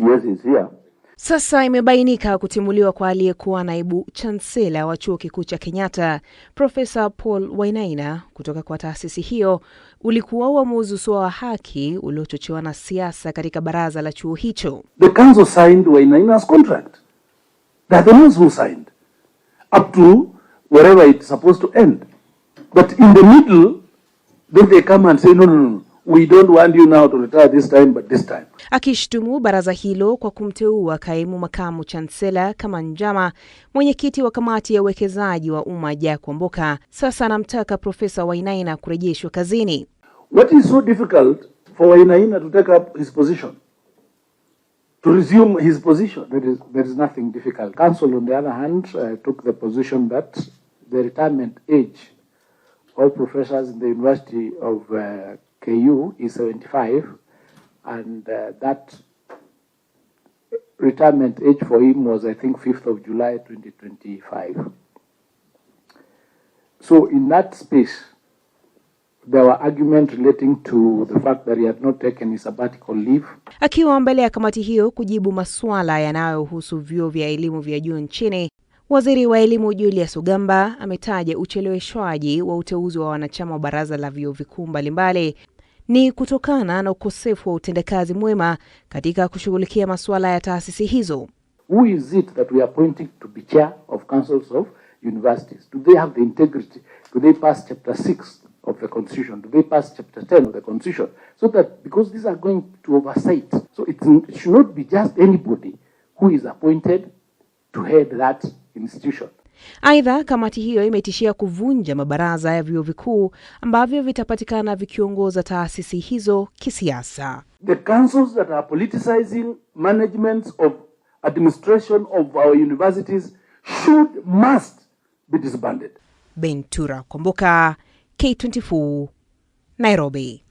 siwezi hisia. Sasa imebainika kutimuliwa kwa aliyekuwa naibu chansela wa chuo kikuu cha Kenyatta Profesa Paul Wainaina kutoka kwa taasisi hiyo ulikuwa uamuzi usio wa haki uliochochewa na siasa katika baraza la chuo hicho. The council signed Wainaina's contract. the ones who signed up to wherever it's supposed to end. But in the middle, then they come and say no, no, no. We don't want you now to retire this time, but this time. Akishtumu baraza hilo kwa kumteua kaimu makamu chansela kama njama, mwenyekiti wa kamati ya uwekezaji wa umma Jack Wamboka sasa anamtaka Profesa Wainaina kurejeshwa kazini. What is so difficult for Wainaina to take up his position? To resume his position? There is, there is nothing difficult. Council on the other hand, uh, took the position that the retirement age of professors in the University of uh, KU is 75 and uh, that retirement age for him was I think 5th of July 2025. So in that space, there were arguments relating to the fact that he had not taken his sabbatical leave. Akiwa mbele ya kamati hiyo kujibu masuala yanayohusu vyuo vya elimu vya juu nchini Waziri wa Elimu Julius Ugamba ametaja ucheleweshwaji wa uteuzi wa wanachama wa baraza la vyuo vikuu mbalimbali ni kutokana na ukosefu wa utendakazi mwema katika kushughulikia masuala ya taasisi hizo. Who is it that we are appointing to be chair of councils of universities? Do they have the integrity? Do they pass chapter 6 of the constitution? Do they pass chapter 10 of the constitution? So that because these are going to oversight. So it should not be just anybody who is appointed to head that institution. Aidha, kamati hiyo imetishia kuvunja mabaraza ya vyuo vikuu ambavyo vitapatikana vikiongoza taasisi hizo kisiasa. The councils that are politicizing management of administration of our universities should must be disbanded. Bentura Komboka, K24, Nairobi.